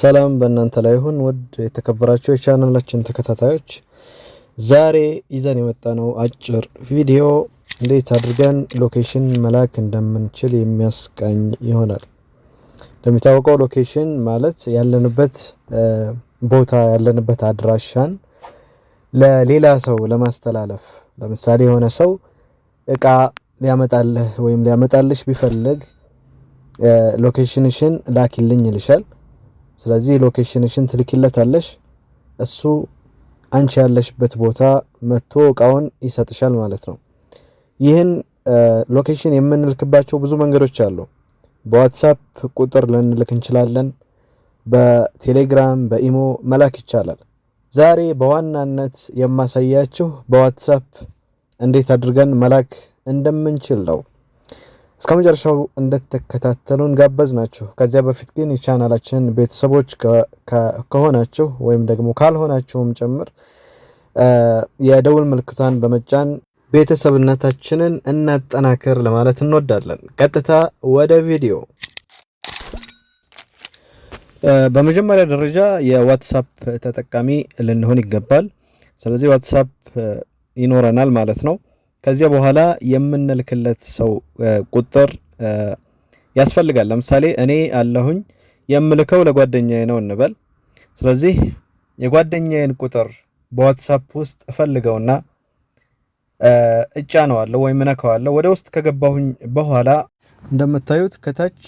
ሰላም በእናንተ ላይ ይሁን። ውድ የተከበራችሁ የቻናላችን ተከታታዮች ዛሬ ይዘን የመጣነው አጭር ቪዲዮ እንዴት አድርገን ሎኬሽን መላክ እንደምንችል የሚያስቃኝ ይሆናል። እንደሚታወቀው ሎኬሽን ማለት ያለንበት ቦታ ያለንበት አድራሻን ለሌላ ሰው ለማስተላለፍ ለምሳሌ የሆነ ሰው እቃ ሊያመጣልህ ወይም ሊያመጣልሽ ቢፈልግ ሎኬሽንሽን ላኪልኝ ይልሻል። ስለዚህ ሎኬሽንሽን ትልኪለታለሽ። እሱ አንቺ ያለሽበት ቦታ መጥቶ እቃውን ይሰጥሻል ማለት ነው። ይህን ሎኬሽን የምንልክባቸው ብዙ መንገዶች አሉ። በዋትሳፕ ቁጥር ልንልክ እንችላለን። በቴሌግራም በኢሞ መላክ ይቻላል። ዛሬ በዋናነት የማሳያችሁ በዋትሳፕ እንዴት አድርገን መላክ እንደምንችል ነው። እስከ መጨረሻው እንደተከታተሉን ጋበዝ ናችሁ። ከዚያ በፊት ግን የቻናላችን ቤተሰቦች ከሆናችሁ ወይም ደግሞ ካልሆናችሁም ጭምር የደውል ምልክቷን በመጫን ቤተሰብነታችንን እናጠናክር ለማለት እንወዳለን። ቀጥታ ወደ ቪዲዮ። በመጀመሪያ ደረጃ የዋትሳፕ ተጠቃሚ ልንሆን ይገባል። ስለዚህ ዋትሳፕ ይኖረናል ማለት ነው። ከዚያ በኋላ የምንልክለት ሰው ቁጥር ያስፈልጋል። ለምሳሌ እኔ አለሁኝ የምልከው ለጓደኛዬ ነው እንበል። ስለዚህ የጓደኛዬን ቁጥር በዋትሳፕ ውስጥ እፈልገውና እጫነዋለሁ ወይም እነካዋለሁ። ወደ ውስጥ ከገባሁኝ በኋላ እንደምታዩት ከታች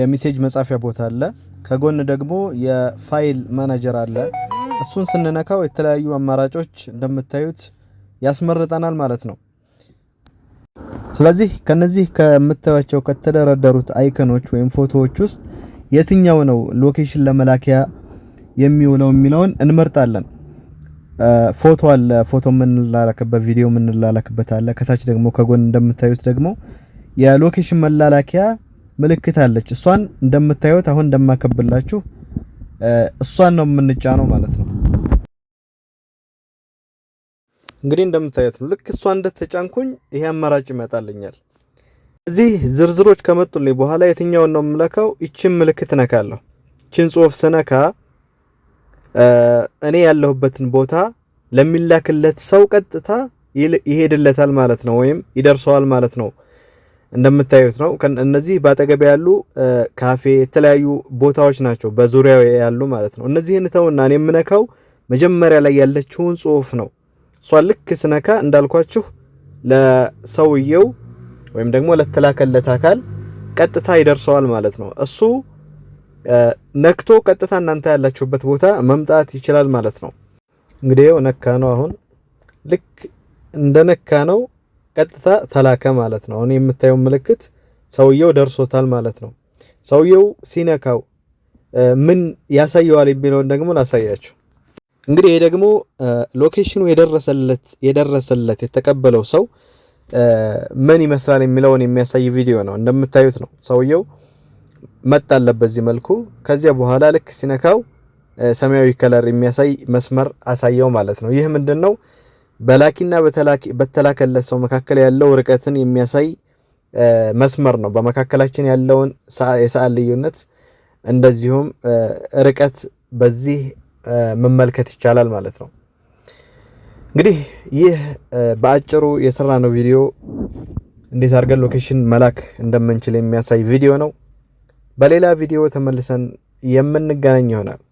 የሜሴጅ መጻፊያ ቦታ አለ። ከጎን ደግሞ የፋይል ማናጀር አለ። እሱን ስንነካው የተለያዩ አማራጮች እንደምታዩት ያስመርጠናል ማለት ነው። ስለዚህ ከነዚህ ከምታዩቸው ከተደረደሩት አይከኖች ወይም ፎቶዎች ውስጥ የትኛው ነው ሎኬሽን ለመላኪያ የሚውለው የሚለውን እንመርጣለን። ፎቶ አለ። ፎቶ የምንላላክበት ቪዲዮ የምንላላክበት አለ። ከታች ደግሞ ከጎን እንደምታዩት ደግሞ የሎኬሽን መላላኪያ ምልክት አለች። እሷን እንደምታዩት አሁን እንደማከብላችሁ እሷን ነው የምንጫነው ማለት ነው። እንግዲህ እንደምታዩት ነው። ልክ እሷ እንደተጫንኩኝ ይሄ አማራጭ ይመጣልኛል። እዚህ ዝርዝሮች ከመጡልኝ በኋላ የትኛውን ነው የምለካው? ይችን ምልክት ነካለሁ። ይችን ጽሁፍ ስነካ እኔ ያለሁበትን ቦታ ለሚላክለት ሰው ቀጥታ ይሄድለታል ማለት ነው፣ ወይም ይደርሰዋል ማለት ነው። እንደምታዩት ነው። እነዚህ ባጠገብ ያሉ ካፌ፣ የተለያዩ ቦታዎች ናቸው በዙሪያው ያሉ ማለት ነው። እነዚህን ተውና እኔ የምነካው መጀመሪያ ላይ ያለችውን ጽሁፍ ነው። እሷን ልክ ስነካ እንዳልኳችሁ ለሰውየው ወይም ደግሞ ለተላከለት አካል ቀጥታ ይደርሰዋል ማለት ነው። እሱ ነክቶ ቀጥታ እናንተ ያላችሁበት ቦታ መምጣት ይችላል ማለት ነው። እንግዲህ ይኸው ነካ ነው። አሁን ልክ እንደ ነካ ነው ቀጥታ ተላከ ማለት ነው። አሁን የምታየው ምልክት ሰውየው ደርሶታል ማለት ነው። ሰውየው ሲነካው ምን ያሳየዋል የሚለውን ደግሞ ላሳያችሁ። እንግዲህ ይሄ ደግሞ ሎኬሽኑ የደረሰለት የደረሰለት የተቀበለው ሰው ምን ይመስላል የሚለውን የሚያሳይ ቪዲዮ ነው። እንደምታዩት ነው ሰውየው መጣለት በዚህ መልኩ። ከዚያ በኋላ ልክ ሲነካው ሰማያዊ ከለር የሚያሳይ መስመር አሳየው ማለት ነው። ይህ ምንድን ነው? በላኪና በተላከለት ሰው መካከል ያለው ርቀትን የሚያሳይ መስመር ነው። በመካከላችን ያለውን የሰዓት ልዩነት እንደዚሁም ርቀት በዚህ መመልከት ይቻላል ማለት ነው። እንግዲህ ይህ በአጭሩ የሰራ ነው ቪዲዮ እንዴት አድርገን ሎኬሽን መላክ እንደምንችል የሚያሳይ ቪዲዮ ነው። በሌላ ቪዲዮ ተመልሰን የምንገናኝ ይሆናል።